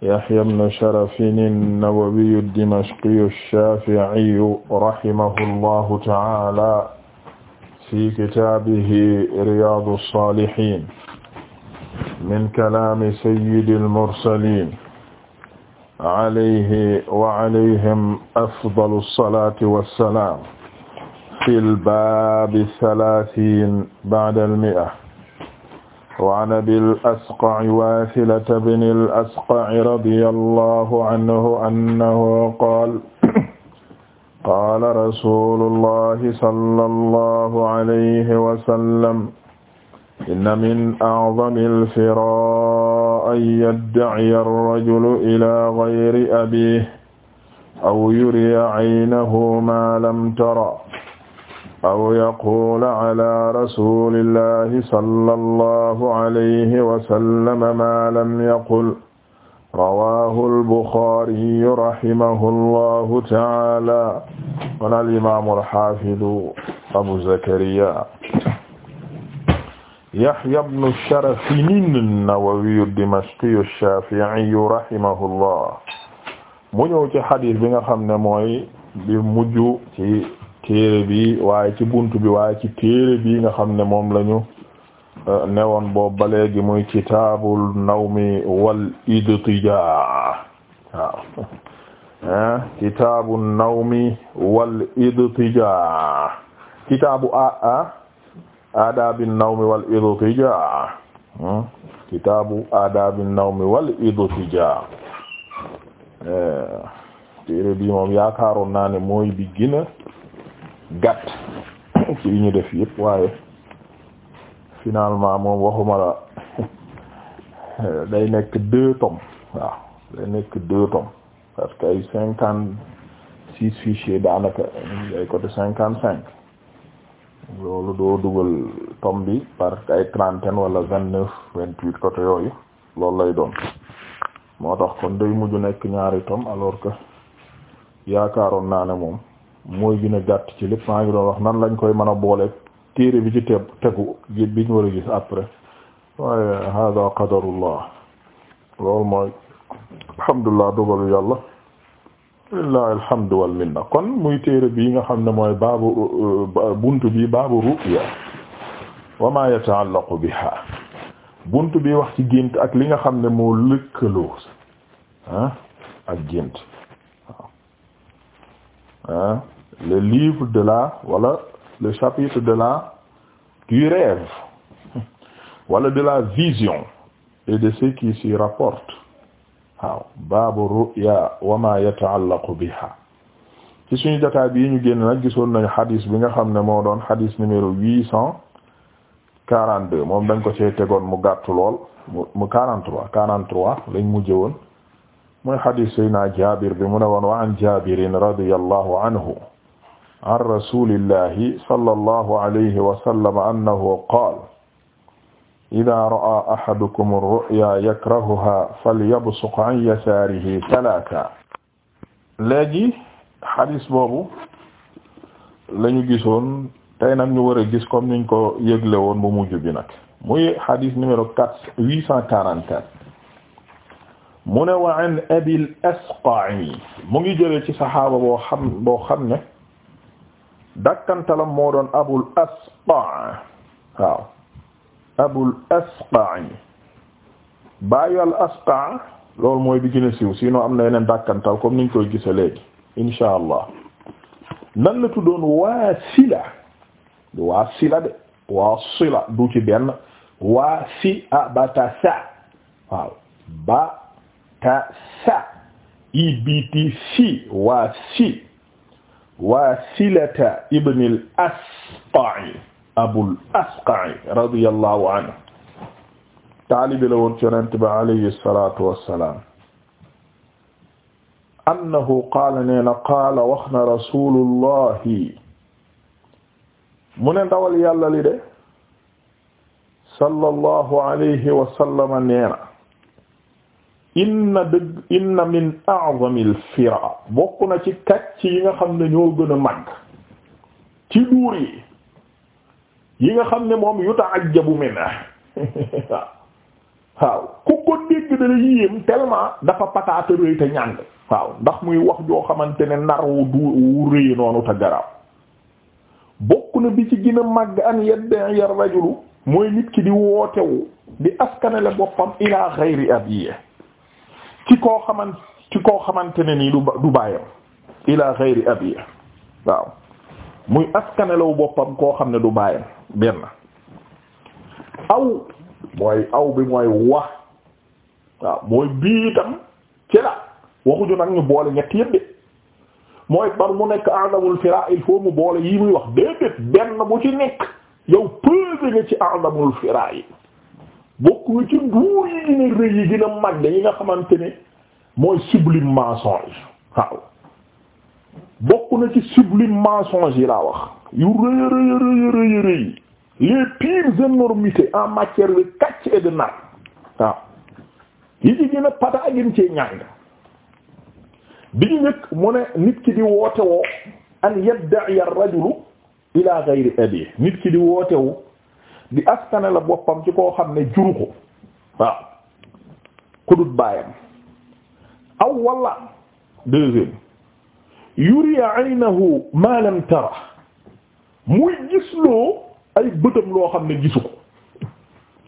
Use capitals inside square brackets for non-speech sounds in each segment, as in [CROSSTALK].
Yahya ibn Sharafin an-Nawawi ad-Dimashqi ash-Shafi'i rahimahullahu ta'ala fi kitaabihi Riyaadu as-Saalihiin min kalaami sayyidil mursaliin alayhi wa alayhim afdalu as-salaati was-salaam fil baabi ath-thalaathiin ba'da al-mi'a وعن أبي الأسقع واثلة بن الأسقع رضي الله عنه أنه قال قال رسول الله صلى الله عليه وسلم إن من أعظم الفراء أن يدعي الرجل إلى غير أبيه أو يري عينه ما لم ترى aw yaquula ala rasulillahi sallallahu alayhi wa sallam ma lam yaqul rawahu al-Bukhari rahimahullahu ta'ala kon al-imaamu al-haafidu Abu Zakariya Yahya ibnu Sharafin an-Nawawi ad-Dimashqi ash-Shafi'i rahimahullah mu ñëw ci xadis bi nga xam ne mooy bi mujj ci téere bi waaye ci buntu bi waaye ci téere bi nga xam ne moom lañu euh, newoon boobu ba léegi muy kitaabul nawmi wal idtijaa waaw [LAUGHS] kitaabu nawmi wal idtijaa kitaabu a aadaabi nawmi wal idtijaa hmm? kitaabu aadaabi nawmi wal idtijaa eh, téere bi moom yaakaaroon naa ne mooy bi gina gàtt ci ñu def yëpp waaye finalement moom waxuma la day nekk deux tomes waaw day nekk deux tomes parce que ay cinquante six fichiers daanaka ay côté cinquante cinq loolu doo dugal tome bi par ay trentaine wala vingt neuf vingt huit côté yooyu loolu lay doon moo tax kon day mujj nekk ñaari tomes alors que yaakaaroon naa ne moom mooy gën a gàtt ci lépp maa ngi doon wax nan lañ koy mën a boole téere bi ci te tegu biñ war a gis après waaye hada qadarullah loolu mooy alhamdulilah dogalu yàlla lillahi alhamdu wal minna kon muy téere bii nga xam ne mooy baabu buntu bi baabu ru'ya wa ma yata'allaqu biha buntu bi wax ci gént ak li nga xam ne moo lëkkaloo ah ak gént hein le livre de la walla le chapitre de la du rêve [LAUGHS] wala de la vision et de ce qui s'y rapporte waaw baabu ru'ya wa ma yata'allaqu biha ci suñu jotaay bii ñu génn nag gisoon nañu xadis bi nga xam ne moo doon xadis numéro huit cent quarante deux moom dañ ko see tegoon mu gàtt lool mu quarante trois quarante trois lañ mujje woon muy xadiis sayyidinaa Jaabir bi mu ne woon wa an Jaabirin radiyallahu anhu an rasuulillahi sallallahu alayhi wa sallam annahu qaala idaa ra'aa ahadukum ar-ru'yaa yakrahuhaa falyabsuq an yasaarihi salaasa léegi xadiis boobu lañu gisoon tey nag ñu war a gis comme niñ ko yëgle woon bu mujj bi nag muy xadiis numéro quatre huit cent quarante-quatre mu ne wa an abil mu ngi jëlee ci saxaaba boo xam ne dakkantalam moo doon abul asqa' waaw abul asqa' baayu al asqa' loolu mooy bi gën a siiw am na yeneen dakkantal comme niñ koy gise léegi insha nan la tuddoon waasila waasila de waasila du ci benn waasi abatasa waaw ba ta sa ibtc waa si waasilata ibnil asqa'i abul asqa'i radiyallahu anhu taalibi la woon ci yonent bi alayhi salatu wassalam annahu qaala nee na qaala wax na rasulullahi mu ne ndawal yàlla li de sallallahu alayhi wa sallama nee na inna dëgg inna min a'zamil fira bokk na ci kàcc yi nga xam ne ñoo gën a mag ci duur yi yi nga xam ne moom yuta'ajjabu minhu [LAUGHS] waaw ku ko dégg dana yéem tellement dafa pataata rëy te ñàng waaw ndax muy wax joo xamante ne nar wu du wu rëy noonu te garaaw bokk na bi ci gën a màgg an yadda'i ar-rajulu mooy nit ki di wootewu di askanale boppam ila ghayri abiye ci koo xaman ci koo xamante ne nii du du bàyyam ila ghayri abi waaw muy askanelaw boppam koo xam ne du bàyyam benn aw mooy aw bi mooy wax waaw mooy bii itam ci la waxuñu nag ñu boole ñett yëpp de mooy bar mu nekk a'damul fira il mu boole yi muy wax déedéet benn bu ci nekk yow peser nga ci a'damul fira yi bokk ci nguur yi gën a rëy yi gën a mag yi nga xamante ne mooy sublime mensonge waaw bokk na ci sublime mensonge yi laa wax yu rëy rëy rëy rëy rëy les pires énormités en matière de kàcc et de nar waaw yi ci gën a pata agin cee ñàng bi ñu nekk mu ne nit ki di woote woo an yadda'i ar-rajulu ila ghayri abi nit ki di woote di askane la boppam ci koo xam ne juru ko waaw ku dut baayam aw walla deuxième yuri aynahu ma lam tara muy gisloo ay bëtam loo xam ne gisu ko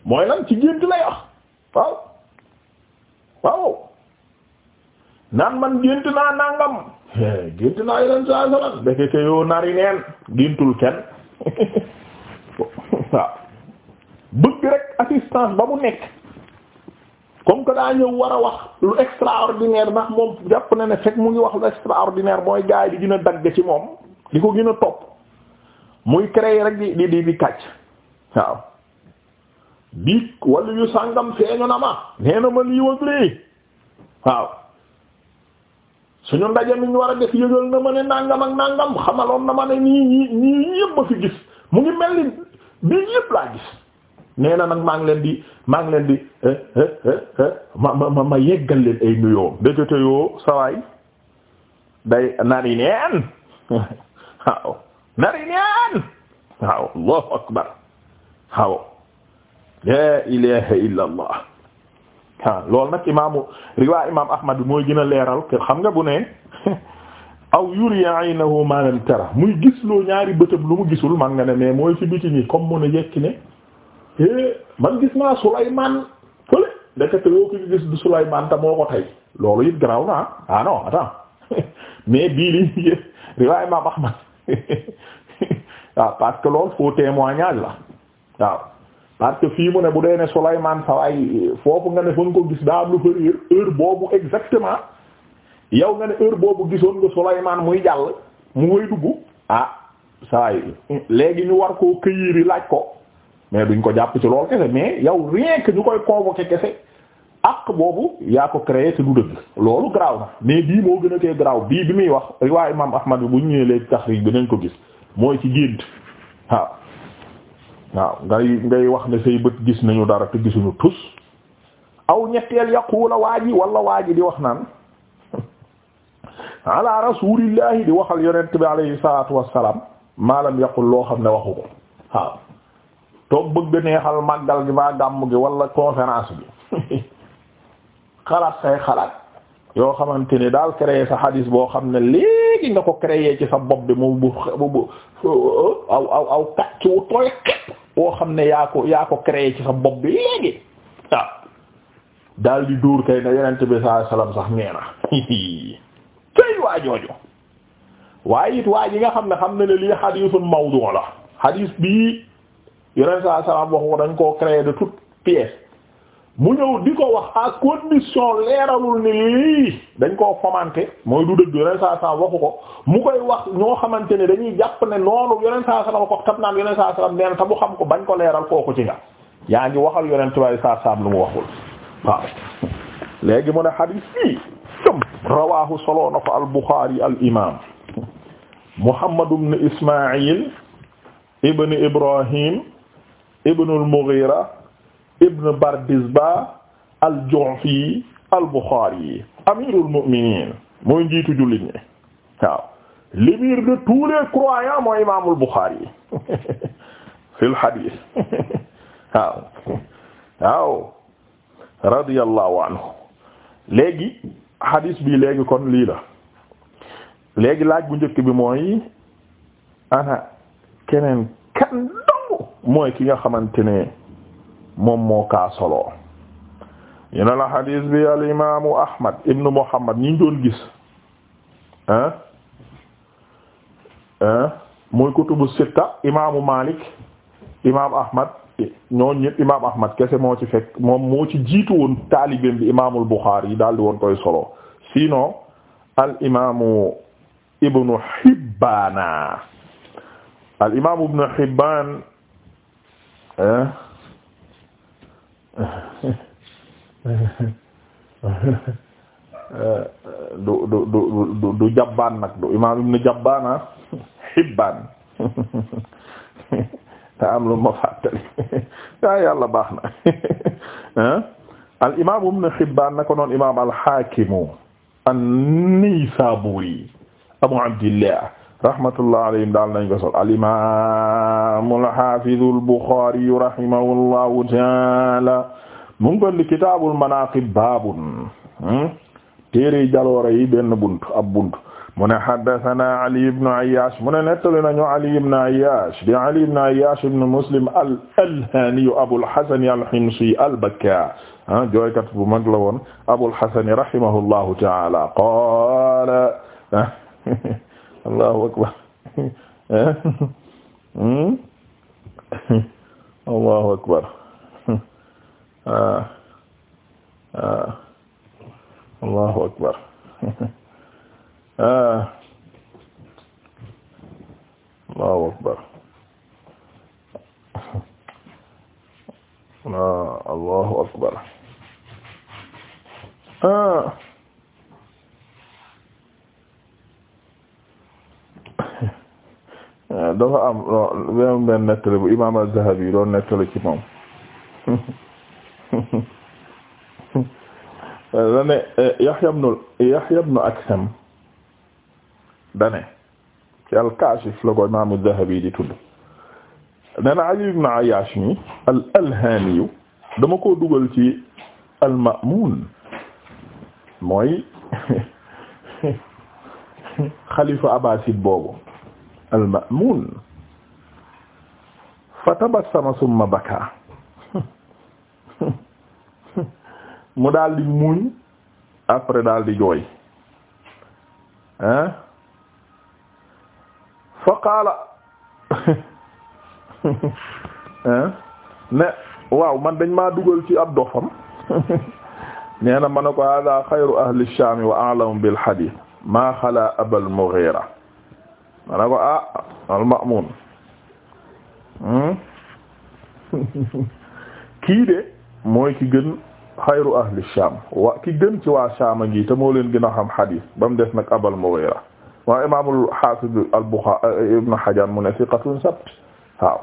mooy lan ci gént lay wax waaw waaw naan man gént naa nangam gént naa yeneen nari neen géntul kenn [LAUGHS] waaw bëgg rek assistance ba mu nekk comme que daa ñëw war a wax lu extraordinaire ndax moom jàpp na ne fekk mu ngi wax lu extraordinaire mooy gaay di gën a dagg ci moom di ko gën a topp muy créer rek di di di kàcc waaw bii wala yu sàngam feeñu na ma nee ma lii wag lii waaw suñu ndaje mi ñu war a def yëgal na ma ne nàngam ak nàngam xamaloon na ma ne nii ñii ñii yëpp ma fi gis mu ngi mel ni bii yëpp laa gis nee na nag maa ngi leen di maa ngi leen di eh, eh, eh, ma ma ma yeggal leen ay nuyoo ndekete yoo sawaay day nari neen [LAUGHS] waaw nari neen waaw allahu akbar waaw la ilaha illa allah loolu nag imaamu riwaa imaam ahmad bi mooy gën a leeral te xam nga bu ne [LAUGHS] aw yuri aynahu ma lam tara muy gis loo ñaari bëtëb lu mu gisul man nga ne mais mooy ci biti nii comme mu ne yekki ne Eh, man gis naa Souleymane fële ndekete yoo ko gis du Souleymane te moo ko tey loolu it garaaw ah non attends [LAUGHS] mais bii li ñu [LAUGHS] riwaay Imaam Ahmad waaw [LAUGHS] ah, parce que loolu faux témoignage la waaw ah. parce fii mu ne bu dee ne Souleymane sawaay foofu nga ne fa ko gis daa am lu fa réer boobu exactement yow nga ne heure boobu gisoon nga Souleymane muy jàll mu ngay dugg ah sawaay léegi ñu war koo këyiri laaj ko mais duñ ko jàpp ci loolu kese mais yow rien que ñu koy ke kese ak boobu yaa ko créé te du dëgg loolu garaaw na mais bii moo gën a koy garaaw bii bi muy wax riwaay imam ahmad bi bu ñu ñëwee léegi taxrij bi nañ ko gis mooy ci gént waaw waaw ngay ngay wax ne say bët gis nañu dara te gisuñu tus aw ñetteel yaquula waa ji wala waa ji di wax naan [LAUGHS] ala rasulillahi di waxal yonent bi alayhi salatu wassalam maalam yaqul loo xam ne waxu ko waaw toog bëgg neexal màggal gi ba gàmm gi wala conférence bi xalaat say xalaat yoo xamante ni daal créer sa xadis boo xam ne léegi nga ko créer ci sa bopp bi mu bu xam ne yaa ko créer ci sa bopp bi léegi daal di duur kay na yonent bi saa salaam sax nee na tey waa waaye it waa ji nga xam ne xam ne ne lii xadiisun mawdu la xadis bii yeneen saa salaam wax dañ koo créer de toutes pièces mu ñëw di ko wax à condition leeralul ni lii dañ koo fomante mooy du dëgg yeneen saa salaam waxu ko mu koy wax ñoo xamante ne dañuy jàpp ne noonu yeneen saa salaam ko naan yeneen saa salaam nee na xam ko bañ ko leeral kooku ci nga yaa ngi waxal yoneen tubaab saa salaam lu mu waxul waaw léegi mu ne xadiis fii rawaahu soloo na ko al Buxaari al imaam Muhammad ibn Ismaayil ibn Ibrahim ibnul Mughira ibn Bardizba al-Ju'fi al-Bukhari amirul mu'minin mooy njiitu jullit ñi waaw l'émir de tous les croyants mooy imaamul Bukhari [LAUGHS] fil hadith [LAUGHS] waaw waaw radiyallahu anhu léegi hadith bi léegi kon lii la léegi laaj bu njëkk bi mooy ana keneen kan mooy ki nga xamante ne moom moo kaa solo yena la xadiis bi al imaamu ahmad ibnu muhammad ñi doon gis ah ah muy kutubu sitta imaamu malik imaam ahmad ñoo ñëpp imaam ahmad kese moo ci fekk moom moo ci jiitu woon taalibeem bi imaamul buxaari yi daal di woon koy solo sinon al imaamu ibnu hibbaana al imaamu ibnu hibbaan [LAUGHS] du du du du jabbaan nag du imaam ibn jabbaana ah? hibbaan te [LAUGHS] lu ma fàttali yaa [LAUGHS] yàlla baax na al imaam ibn hibbaan nako imaam al haakimu an-nisaaburi abu abdillah rahmatullah alayhim daal nañ ko sol al-imaam al-haafiz al-Buxaari rahimahullahu taala mu ngi kon di kitaabul manaaqib baabun hmm? téere jaloore yi benn bunt ab bunt mu ne haddathana Ali ibn Ayyash mu ne nettali nañu Ali ibn Ayyash di Ali ibn Ayyash ibn Muslim al-Alhani Abul Hasan al-Himsi al-Bakka ah jooykat bu mag la woon Abul Hasan rahimahullahu ta'ala qaala ah, [LAUGHS] allahu akbar [LAUGHS] eh? hmm? [LAUGHS] allahu akbar [LAUGHS] ah. Ah. allahu akbar ah. allahu akbar allahu akbar dafa am benn benn bu imaam Az-Zahabi doon nettali ci moom [LAUGHS] dane eh, Yahya ibn Yahya ibn Aksam dane ci al-Kaashif la ko imaam Az-Zahabi di tudd nena Ali ibn al-Alhaani dama koo dugal ci al-Ma'muun mooy [LAUGHS] xalifa abbasid boobu al-ma'muun fatabassama summa bakaa mu daal di muuñ après daal di jooy ah fa qaala ne waaw man dañ maa dugal ci ab dofam nee na ma ne ko hada ahli Shaam wa a'lamu bil hadiis maa xalaa Abal Mughiira ma ne ko ah hmm? [LAUGHS] kii de mooy ki gën xayru ahli Sham wa ki gën ci waa Sham ngi te moo leen gën a xam xadiis ba mu des nag Abal Mughira waaw imaamul xaafid al-Buxaari eh, ibnu Hajar mu ne siqatun sabt waaw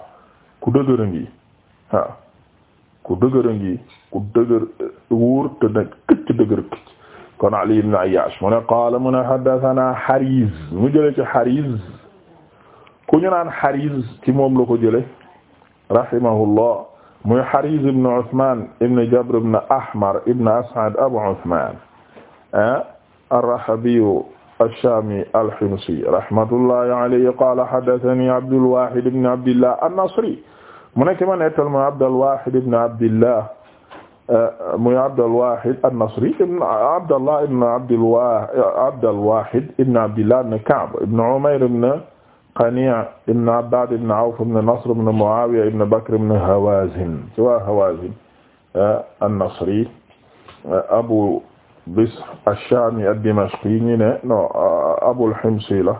ku dëgër a ngi waaw ku dëgër a ngi ku dëgër eh, wóor te nag këcc dëgër këcc kon Ali ibn Ayyash mu ne qaala mu ne haddathana Hariz mu jële ci Hariz ku ñu naan Hariz ci moom la ko jële rahimahullah muy Hariz ibn Uthman ibn Jabr ibn Ahmar ibn As'ad Abu Uthman ar-Rahabiyu ah, ash-Shami al-Himsi rahmatullahi alayhi qaala haddathani Abdul Wahid ibn Abdillah an-Nasri mu nekk ma nettal ma Abdul Wahid ibn Abdillah muy Abdalwahid an-Nasri ibn Abdallah ibn Abdalwahid ibn Abdillah ibn Ka'b ibn Umayr ibn Qani' ibn Abbad ibn Awf ibn Nasr ibn Muawiya ibn Bakr ibn Hawazin ci waa Hawazin eh, an-Nasri eh, Abu Bisr ash-Shami ad-Dimashqi ñu ne non eh, Abul Himsi la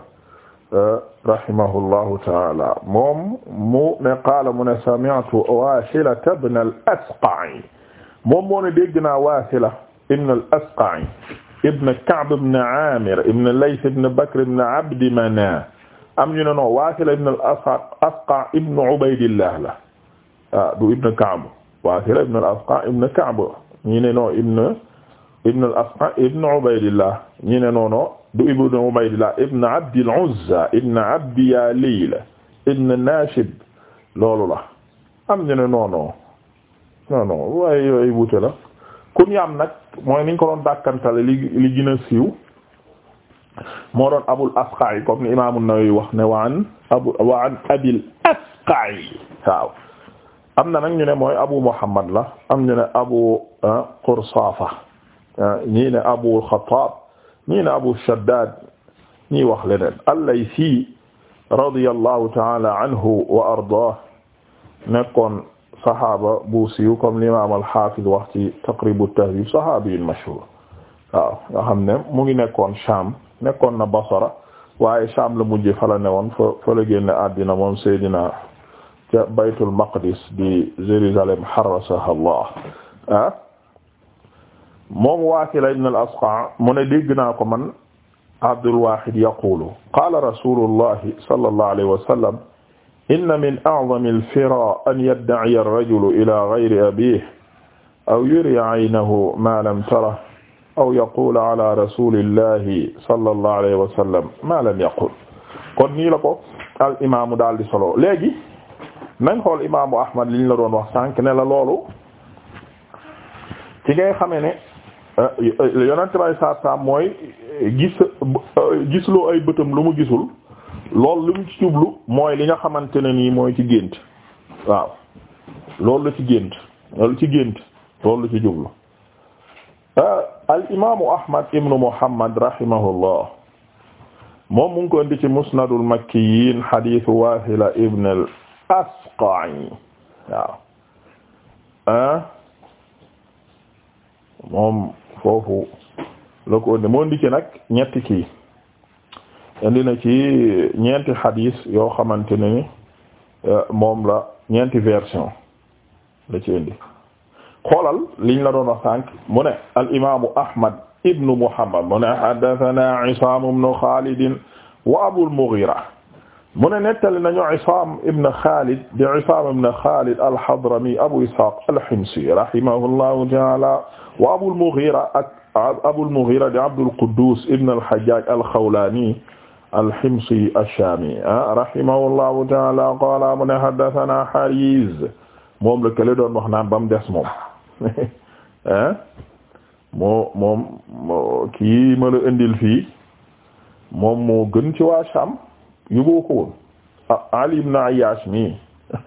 rahimahullahu ta'ala moom mu ne qaala mu ne sami'tu Washilata ibn al-Asqa' moom moo ne dégg naa Waasila ibn al-Asqa'i ibn Ka'b ibn Amir ibn Layth ibn Bakr ibn Abd Manaf am ñu ne non Waasila ibn al-Asqa' ibn Ubaydillah la ah du ibn Ka'b Waasila ibn al-Asqa' ibn Ka'b ñu ne non ibn ibn al-Asqa' ibn Ubaydillah ñu ne non non du ibn Ubaydillah ibn Abd al-Uzza ibn Abd Yalil ibn Nashib loolu la am ñu ne non non non non waaye yooyu wuute la kunyaam nag mooy niñ ko doon dàkkantale li li gën a siiw moo doon abul asqa'i comme ni imaamu Nawawi wax ne wa an abu wa an abil asqa'i waaw am na nag ñu ne mooy abu muhammad la am ñu ne abu ah, qursafa ah, ñii ne abu xattaab ñii ne abu shaddad ñii wax leneen al-Laysi radiyallahu ta'ala anhu wa ardaah nekkoon saxaaba bu siiw comme l'imam al-Hafiz wax ci Taqrib at-Tahdhib saxaabi mashhur waaw nga xam ne mu ngi nekkoon Sham nekkoon na Basra waaye Sham la mujj fa la newoon fa fa la génne àddina moom Seydina ca Baytul Maqdis di Jérusalem harasaha Allah ah moom Waasila ibn al-Asqa mu ne dégg naa ko man Abdul Wahid yaqulu qala rasulullahi sallallahu alayhi wa sallam inna min a'zami al-fira an yadda'iya ar-rajulu ila ghayri abihi aw yuriya 'aynahu ma lam tara aw yaqula ala rasulillahi sallallahu alayhi wa sallam ma lam yaqul kon nii la ko al imaamu daal di solo léegi nañ xool imaamu Ahmad liñ la doon wax sànq ne la loolu ci ngay xamee ne euh, yonent bay saar saam mooy gis euh, gisuloo ay bëtam lu mu gisul lool li mu ci jublu mooy li nga xamante ne nii mooy ci gént waaw loolu la ci gént loolu ci gént loolu ci jublu euh, al imaamu ahmad ibnu muhammad rahimahullah moom mu ngi ko indi ci musnadul makkiyin xadiisu waasila ibn al asqa'i waaw moom foofu la ko indi moo indi ci nag ñetti kii indi na ci ñeenti xadis yoo xamante ne ni euh, moom la ñeenti version la ci indi xoolal liñ la doon wax sànq mu ne al imaamu Ahmad ibnu Muhammad mu ne haddathana Isaam ibnu Xaalid wa Abul Mughira mu ne nettali nañu Isaam ibnu Xaalid di Isaam ibnu Xaalid al-Hadrami Abu Ishaaq al-Himsi rahimahullahu ta'ala wa Abul Mughira ak Abul Mughira di Abdul Quddus ibnu al-Hajjaj al-Xawlaani alhimsi ash-Shami ah, rahimahullahu ta'ala qaala mu ne haddathana Hariz moom la kële doon wax naan ba mu des moom [LAUGHS] eh? moo moom kii ma la indil fii moom moo gën ci waa Sham yóbbu ko woon ah, Ali ibn Ayyash mi [LAUGHS]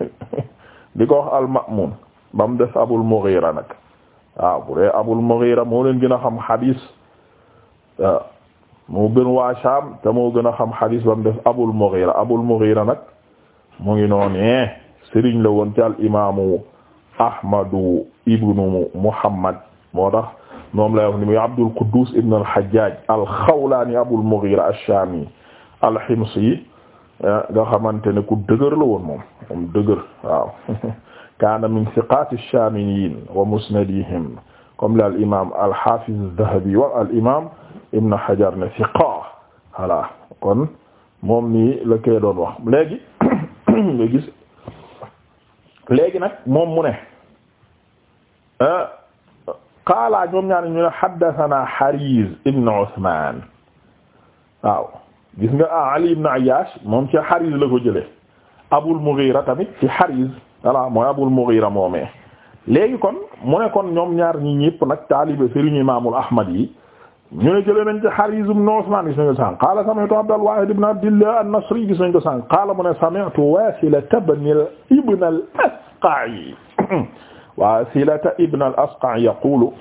di ko wax al-Ma'mun ba mu des Abul Mughira nag waaw ah, bu dee Abul Mughira moo leen gën a xam hadis moo gën waa Sham te moo gën a xam xadis ba mu def Abul Mughira Abul Mughira nag mu ngi noonee eh, sëriñ la woon ci al imam Ahmadu ibnu Muhammad moo tax moom la wax ni muy Abdul Quddus ibn al Hajjaj al Xawlaani Abul al Himsi eh, nga xamante ne ku dëgër la woon moom moom dëgër waaw [LAUGHS] kaana min siqaati ash-Shamiyin wa musnadihim comme al imaam al Hafiz az-Zahabi wa ibn Hajar na siqa voilà kon moom nii la koy doon wax léegi [COUGHS] léegi nag moom mu ne ah, qaala ñoom ñaar ñu ne haddathana Hariz ibn Usman waaw gis nga ah Ali ibn Ayyash moom ci Hariz la ko jëlee Abul Mughira tamit ci Hariz voilà mooy Abul Mughira moomee léegi kon mu ne kon ñoom ñaar ñi ñëpp nag taalibe sëriñ Imaamul Ahmad yi ñu ne jëlee nañ ci Hariz ibn Usman gis nañ ko sànq qaala sami'tu Abdul Wahid ibn Abdillah an-Nasri gis nañ ko sànq qaala mu ne sami'tu Wasilata ibn al-Asqa'i [COUGHS] Wasilata ibn al-Asqa'i yaqulu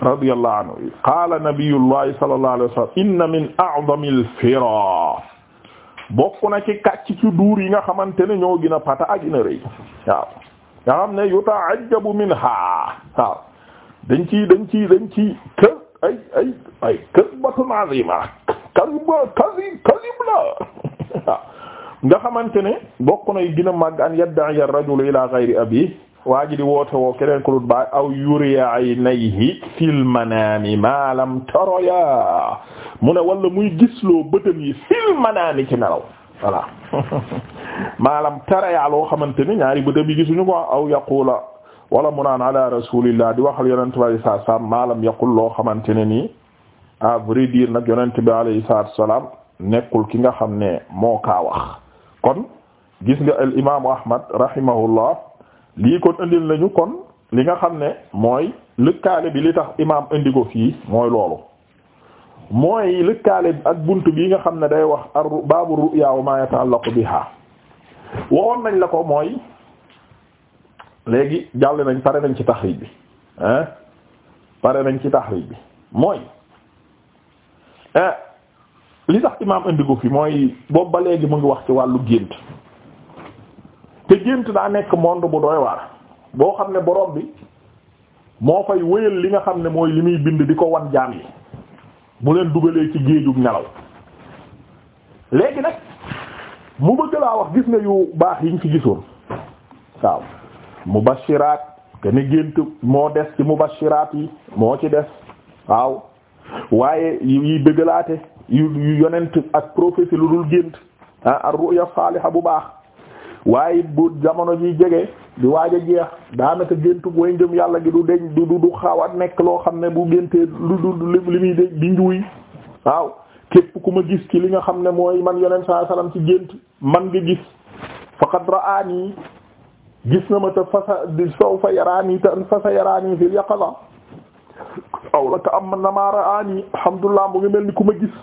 radiyallahu anhu qaala nabiyullahi sallallahu alayhi wa sallam inna min a'zami al-fira bokk na ci kàcc ci duur yi nga xamante ne ñoo gën a pata ak gën a rëy waaw nga xam ne yuta'ajjabu minha waaw dañ ci dañ ci dañ ci kër ay kasbatun azima kasba kasi kasib la waaw [LAUGHS] nga xamante ne bokk na gën a màgg an yadda'i ar-rajulu ila abi waa ji di woote woo keneen ko dut baay aw yuriya aynayhi fil manaami ma lam taraya mu ne wala muy gisloo bëtam yi fil manaami ci nelaw voilà [LAUGHS] maalam taraya loo xamante ni ñaari bëtam yi gisuñu ko aw yaqula wala mu naan ala rasulillah di waxal yonent bi sallallahu alayhi wasallam yaqul loo xamante ne nii à vrai dire nag yonent bi alayhi salaatu salaam nekkul ki nga xam ne moo kaa wax kon gis nga al imaamu ahmad rahimahullah lii ko indil nañu kon li nga xam ne mooy lëkkaale bi li tax imaam indi ko fii mooy loolu mooy lëkkaale ak bunt bi nga xam ne day wax ar baabu ru'ya wa ma yata'allaqu biha waxoon nañ la ko mooy léegi jàll nañ pare nañ ci taxriij bi hein pare nañ ci taxriij bi mooy Eh, li tax imaam indi ko fi mooy boobu ba léegi mu ngi wax ci wàllu gént te gént daa nekk monde bu doy waar boo xam ne borom bi moo fay wéyal li nga xam ne mooy li muy bind di ko wan jaam yi mu leen dugalee ci géejum nelaw léegi nag mu bëgg laa wax gis nga yu baax yi ñu fi gisoon waaw mubashiraat te ni gént moo des ci mubashiraat yi moo ci des waaw waaye yi bëggalaate yu yonent ak prophétie lu dul gént ah ar-ru'ya saaliha bu baax waaye bu jamono ji jege di waaj a jeex daanaka géntu way ngëm yàlla gi du deñ du du xaw nekk loo xam ne bu géntee lu du li muy de di njuuy waaw képp ku ma gis ci li nga xam ne mooy man yonent saa salaam ci gént man nga gis faqad ra'ani gis na ma te fasa sawfa yarani te fasa yarani fil yaqaza aw la ka am man namaa raani alhamdulilah mu ngi mel ni ku ma gis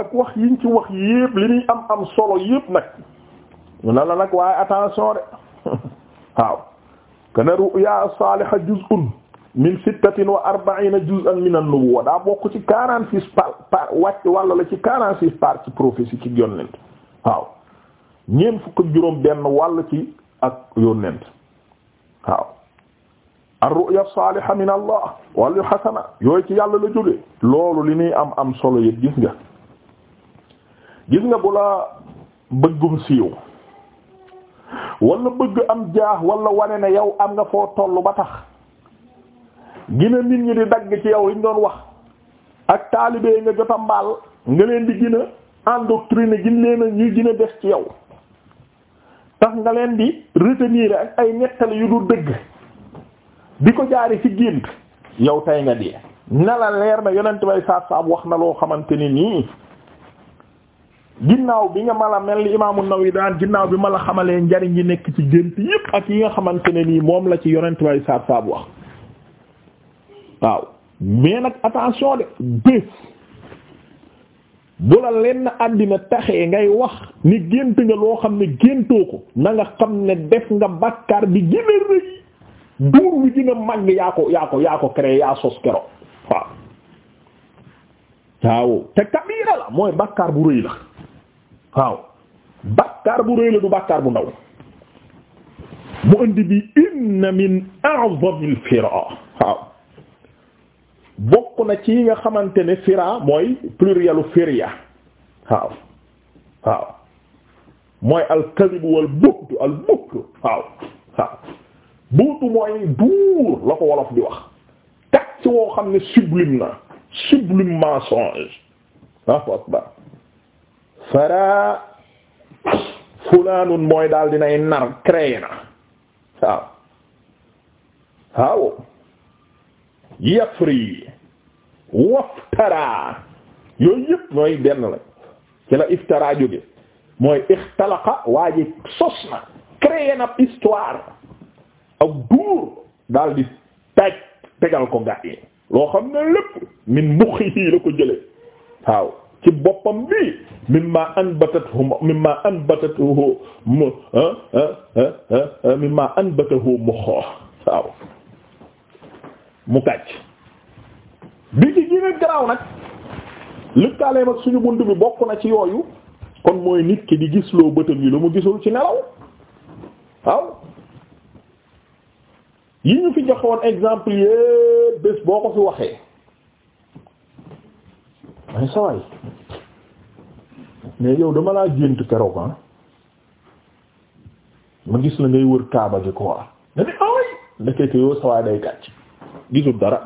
ak wax yiñ ci wax yépp li ñuy am am solo yépp nag ñu ne la nag waaye attention de [LAUGHS] waaw kana ru'ya a juz'un min sittatin wa arba'ina juz'an min an-nubuwwa daa bokk ci quarante six par par wàcc wàllu la ci quarante six par ci prophétie ci yonent waaw ñeent fukk juróom benn wàll ci ak yonent waaw ar-ru'ya as-saliha min Allah wal hasana yooyu ci yàlla la jóge loolu li muy am am solo yëpp gis nga gis nga bu la bëggum siiw wala bëgg am jaax wala wane na yow am nga foo toll ba tax gina nit ñi di dagg ci yow liñ doon wax ak taalibee nga jot a mbaal nga leen di gina endoctriner gin leen ñi ñuy gina des ci yow tax nga leen di retenir ak ay nettali yu du dëgg di ko jaaree ci gént yow tay nga dee na la leer na yonent bay saab saab wax na loo xamante ni nii ginnaaw bi nga ma la mel ni imaamu yi daan ginnaaw bi ma la xamalee njariñ yi nekk ci gént yépp ak yi nga xamante ne nii moom la ci yonent bay saab saab wax waaw mais nag attention de bés bu lenn àddina taxee ngay wax ni gént nga loo xam ne géntoo ko na nga xam ne def nga bàkkaar bi gën rëy duur wi dina màgg yaa ko yaa ko yaa sos kero waaw te kabiira la mooy bàkkaar bu rëy la waaw bàkkaar bu rëy la du bàkkaar bu ndaw mu indi bi inna min a'zamil fira waaw bokk na ci nga xamante ne fira mooy plurielu firia waaw waaw mooy al wal bukt al waaw buutu mooy duur la ko wolof di wax teg woo xam ne sublime na sublime mensonge ah akbar fara mooy daal dinay nar créé na yafri waftara yooyu yëpp mooy benn la ci la iftara jóge mooy ixtalaqa waa ji sos na histoire aw duur daal di taj tegal ko gat yi loo xam ne lépp min muxihi la ko jële waaw ci boppam bi mimma anbatatuhu mimma anbatatuhu mu ah, ah, ah, mimma anbatahu muxoo waaw mu kàcc bi ci gën garaaw nag lëkkaaleem ak suñu bunt bi bokk na ci yooyu kon mooy nit ki di gis loo bëtam yi lu mu gisul ci nelaw waaw yi ñu fi joxoon exemple yépp bés boo ko fi waxee may saway mais yow dama laa gént keroog ah ma gis la ngay wër kaaba gi ko waa di ne away ndekete yoo sawaay day kàcc gisul dara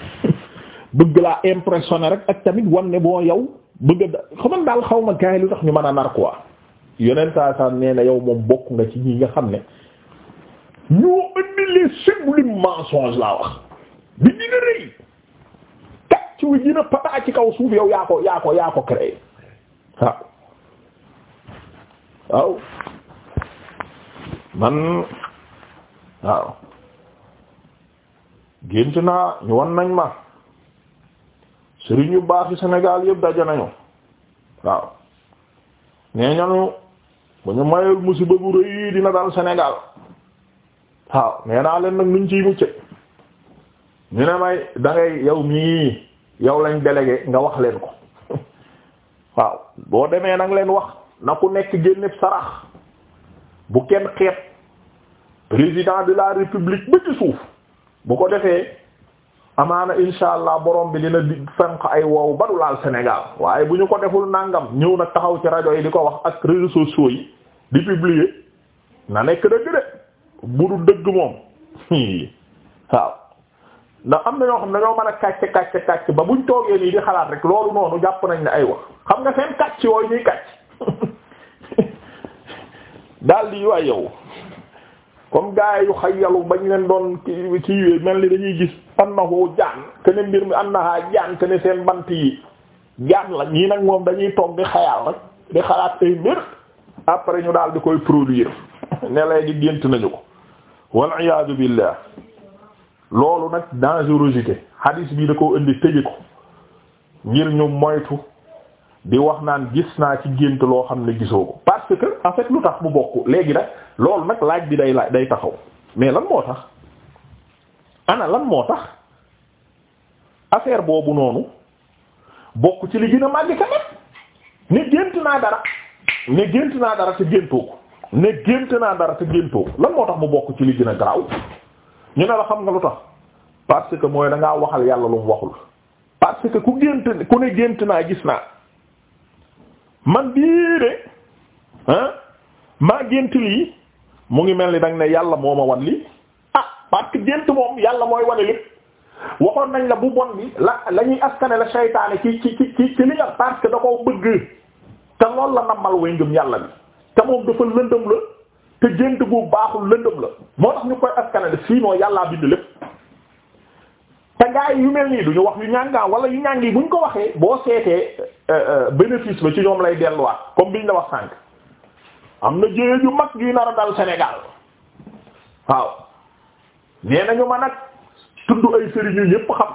[LAUGHS] bëgg laa impressionné rek ak tamit wan ne boo yow bëgg da xaman daal xaw ma gaay lu tax ñu man a nar quoi yeneen saa saa nee na yow moom bokk nga ci ñi nga xam ne ñoo indi les sublimes mensonges laa wax bi dina rëy kàcc wi dina pataa ci kaw suuf yow yaa ko yaa ko yaa ko man waaw gént naa ñu wan ma sëriñ baax ci Sénégal yëpp daje nañu waaw nee ñanu bu ñu mayul musiba bu rëy dina dal Sénégal waaw nee naa leen nag nuñ ci mucce ñu ne may da yow mii yow lañ délégué nga wax leen ko [LAUGHS] waaw boo demee nag leen wax na ku nekk génne sarax bu kenn xeet président di la république ba suuf bu ko defee amaana insha allah borom bi dina di fenq ay wow ba du laal Sénégal waaye bu ñu ko deful nangam ñëw nag taxaw ci rajo yi di ko wax ak réseaux sociaux yi di publier na nekk dëgg de bu du dëgg moom waaw ndax am na ñoo xam ne dañoo mën a kàcc kàcc kàcc ba buñ toogee nii di xalaat rek loolu noonu jàpp nañ ne ay wax xam nga seen kàcc yooyu ñuy kàcc [LAUGHS] daal di waay yow comme gaa yu xayalu bañ leen doon kii kii mel ni dañuy gis annahu jaan te mbir mi annaha jaan te ne seen bant yi jaan la ñii nag moom dañuy toog di xayaal rek di xalaat ay mbir après ñu daal di koy produire [LAUGHS] ne léegi gént nañu ko wal iyaadu billah loolu nag dangerosité hadis bi da ko indi tëje ko ngir ñu moytu di wax naan gis naa ci gént loo xam ne gisoo ko parce que en lu tax mu bokk léegi nag loolu nag laaj bi day laaj day taxaw mais lan moo tax ana lan moo tax affaire boobu noonu bokk ci li gën a màgg tamit ne gént naa dara ne gént naa dara te géntoo ko ne gént naa dara te géntoo lan moo tax mu bokk ci li gën garaw ñu ne la xam nga lu tax parce que mooy da waxal yàlla lu mu waxul parce que ku gént ku ne gént naa gis naa man bii de ah maa gént lii mu ngi mel ni danga ne yàlla moo ma wan lii ah parce que gént moom yàlla mooy wane lépp waxoon nañ la bu bon bi la la ñuy askane la seytaane ci ci ci ci li nga parce que da koo bëgg te loolu la nammal wéy yàlla bi te moom dafa lëndëm la te gént bu baaxul lëndëm la moo tax ñu koy askanale sinon yàllaa bind lépp te gaa yi yu mel nii duñu wax yu ñàngaa wala yu ñàng yi buñ ko waxee boo seetee euh, euh, bénéfice ba ci ñoom lay delluwaat comme biñ la wax sànq am na jéyee ju mag yuy nar a dal Sénégal waaw nee nañu ma nag tudd ay sëriñu ñépp xam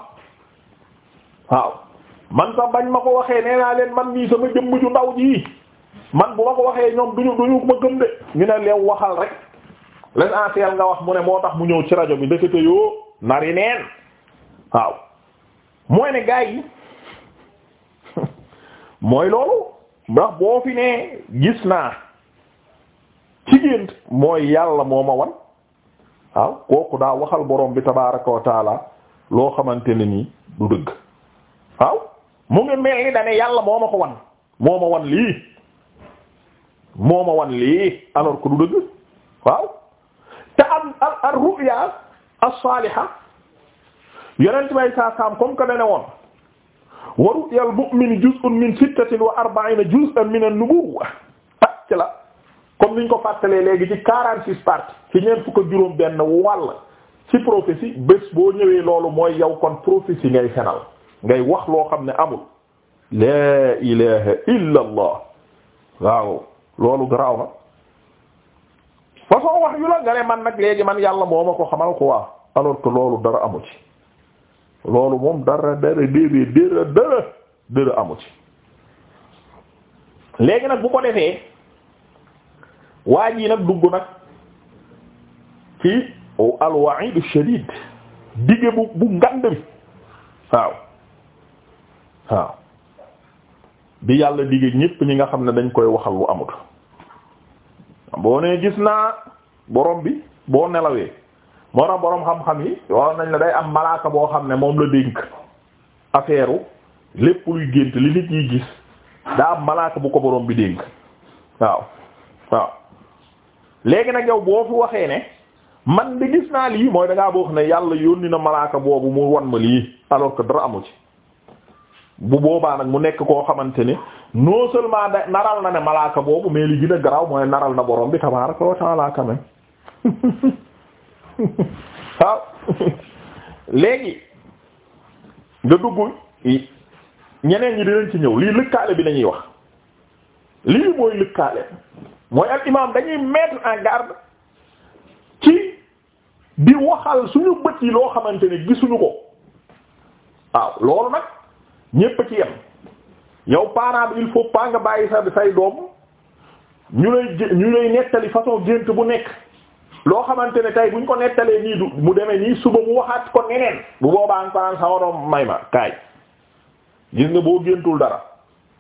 waaw man sax bañ ma ko waxee nee naa leen man nii sama jëmm ju ndaw ji man bu ma ko waxee ñoom duñu duñu ma gëm de ñu ne leew waxal rek l'essentiel nga wax mu ne moo tax mu ñëw ci rajo bi ndekete yoo nari neen waaw mooy ne gars yi [LAUGHS] mooy loolu ndax boo fi ne gis naa ci gént mooy yàlla moo ma wan waaw kooku daa waxal borom bi tabaaraka wa loo xamante ne du dëgg waaw mu ngi mel ni da ne yàlla moo ma ko wan moo ma wan lii moo ma wan lii alors que du dëgg waaw te am ar ru'ya as-saliha yonent bay saa saam comme que dane woon wa ru'ya al-mu'min juz'un min sittatin wa arba'ina juz'an min an-nubuwwa pàcc ah la comme niñ ko fàttalee léegi ci quarante six parties ci ñeent fukk ak juróom benn wàll ci prophétie bés boo ñëwee loolu mooy yow kon prophétie ngay xenal ngay wax loo xam ne amul la ilaha illa waaw loolu garaaw na façon wax yu la nga ne man nag léegi man yàlla moo ma ko xamal ko waa alors que loolu dara amu loolu moom dara dara déedéet dara dara dara amu ci léegi nag bu ko defee waa jii nag dugg nag ci al wa'id digge bu bu ngand bi waaw waaw bi yàlla digg ñépp ñi nga xam ne dañ koy waxal lu amut boo nee gis naa borom bi boo nelawee moo tax borom xam-xam yi wax nañ la day am malaaka boo xam ne moom la dénk affaire lépp luy gént li nit ñi gis daa am malaaka bu ko borom bi dénk waaw waaw léegi nag yow boo fi waxee ne man di gis naa lii mooy da ngaa boo xam ne yàlla yónni na malaaka boobu mu wan ma lii alors que dara amu ci bu boobaa nag mu nekk koo xamante ni non seulement da naral na ne malaaka boobu mais li garaaw mooy naral na borom bi tabaaraka wa ta'aala quand même [LAUGHS] waaw léegi nga dugg ñeneen ñi dinañ ci ñëw lii lëkkaale bi lañuy wax lii mooy lëkkaale mooy al imam dañuy mettre en garde ci di waxal suñu bët yi loo xamante ne gisuñu ko waaw loolu nag ñépp ci yem yow parent bi il faut pas nga bàyyi sa say doom ñu lay ñu lay nettali façon gént bu nekk loo xamante ne tey buñ ko nettalee nii du mu demee nii suba mu waxaat ko neneen bu boobaa an parent sa may ma kaay gis nga boo géntul dara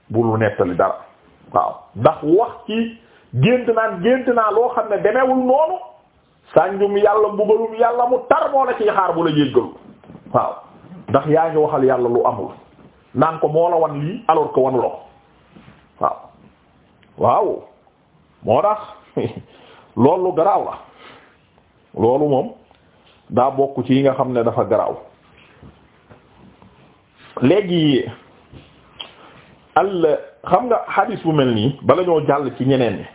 bul nettali dara waaw ndax wax ci gént naan gént naa loo xam ne demewul noonu sànjum yàlla mbugalum yàlla mu tar moo la ciy xaar bu la jéggalu waaw ndax yaa ngi waxal yàlla lu amul naan ko moo la wan lii alors que wanu la ko waaw moo tax [LAUGHS] loolu garaaw la loolu moom daa bokk ci yi nga xam ne dafa garaaw léegi al xam nga hadis bu mel nii bala ñoo jàll ci ñeneen ñi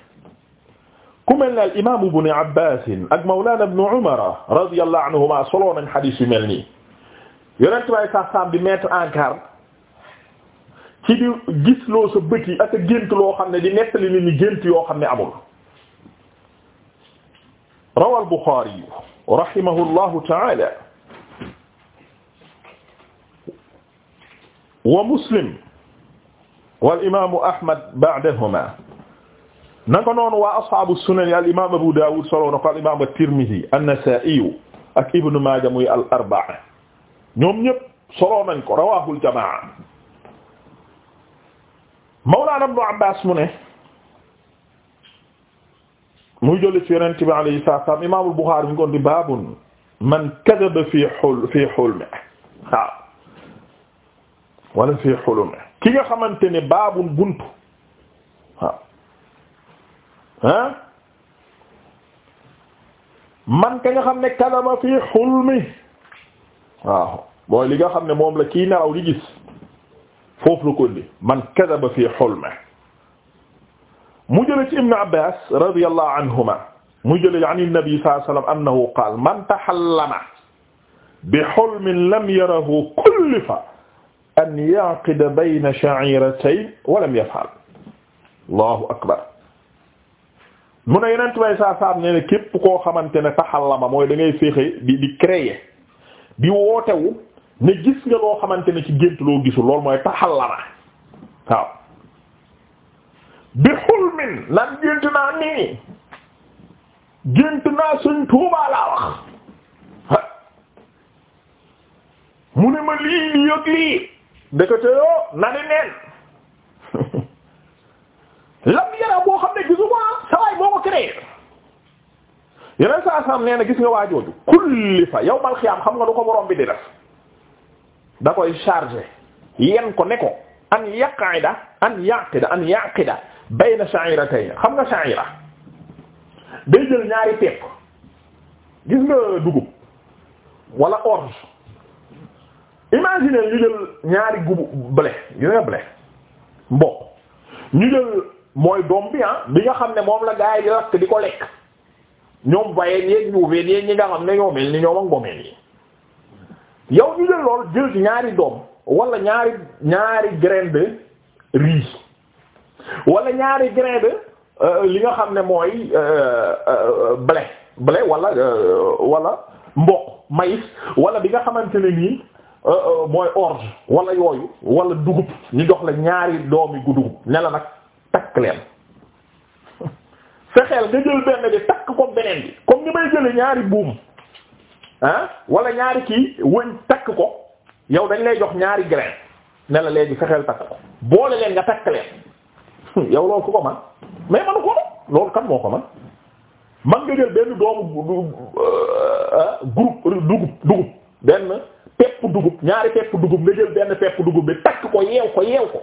ku mel ne al imaam ibn Abbaas ak mawlaana ibn Umar radiyallahu anhuma soloo nañ hadis yu mel nii yonent bay sax saam bi mettre en garde ci di gisloo sa bët yi ak a gént loo xam ne di nettali nit ñi gént yoo xam ne amul rawa al-Bukhari rahimahu llahu ta'ala wa Muslim wal imaamu Ahmad ba'dahuma naka noonu waa ashaabu sunan al imaam Abu Dawud solo na ko al imaam at-Tirmidhi an-Nasa'i ak Ibn Maaja muy al-arba'a ñoom ñëpp solo nañ ko rawaahul jamaa Mawlaana Ibnu Abbaas mu ne muy jëlee ci Yonent bi alayhi salaam Imaamul Buxaari ñu ko di baabun man kadaba fi xul fii xulmi waaw wala fii xulmi ki nga xamante ne baabun buntu waaw man ka nga xam ne kadaba fii xulmi waaw mooy li nga xam ne moom la kii naraw li gis. foofu la ko indi man kadaba fi hulmi mu jële ci ibnu abbas radiyallahu anhuma mu jële an nabi sallallahu alayhi wa sallam annahu qaal man tahallama bi hulmin lam yarahu kullifa an yaqida bayna sha'iratayn wa lam yaf'al allahu akbar mu ne yeneen tubay saa saam ne ne képp koo xamante ne taxallama mooy da ngay féexe di di créer di wootewu ne gis nga loo xamante ne ci gént loo gisu loolu mooy taxallara waaw bi xulmin lan gént naa nii gént naa suñ tuubaa laa wax mu ne ma lii lii ak lii dëkkate yoo na ni neen [LAUGHS] lam yara boo xam ne gisu ko sawaay boo ko créé yeneen saa saam nee gis nga waajooju kulli fa yawmal xiyaam xam nga du ko borom bi di def da koy chargé yen ko ne ko an yaqida an bay na yaqida bayna sha'iratayn xam nga sha'ira day jël ñaari pepp gis nga dugub wala orge imagine ñu jël ñaari gubu blé yu nga blé ñu jël mooy doom bi ah bi nga xam ne moom la gaa yi di lakk di ko lekk ñoom bayeen yeeg ñuufeen yeeg ñi nga xam ne ñoo ni ñoom ak ngomeel yi yow ñu jël lool jël ci ñaari doom walla ñaari ñaari grain de walla ñaari grain euh, li nga xam ne mooy euh, euh, blé blé walla walla mboq maïs wala bi nga xamante ne nii mooy orge walla yooyu wala dugub ñu jox la ñaari doomi gu dugub ne nag takk leen [LAUGHS] fexeel nga jël benn bi takk ko beneen bi comme ni may jële ñaari buum ah wala ñaari kii wëñ takk ko yow dañ lay jox ñaari grain ne la léegi fexeel takk ko boole leen nga takk leen hmm, yow loolu ku ko man mais manu ko loolu kan moo ko man man nga jël benn doomu euh, groupe euh, dugub dugub benn pepp dugub ñaari pepp dugub nga jël benn pepp dugub bi takk ko yeew ko yeew ko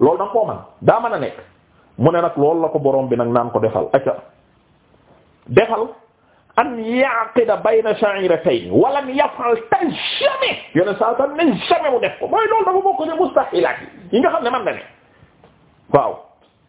loolu da nga koo man daa mën a nekk mu ne nag loolu la ko borom bi nag naan ko defal acca defal an yaqida bayna sha'iratayn wala yaf'al tan jamais yeneen saa sax ne jamais mu def ko mooy loolu dafa bokk ne mustahilaat yi nga xam ne man na ne waaw.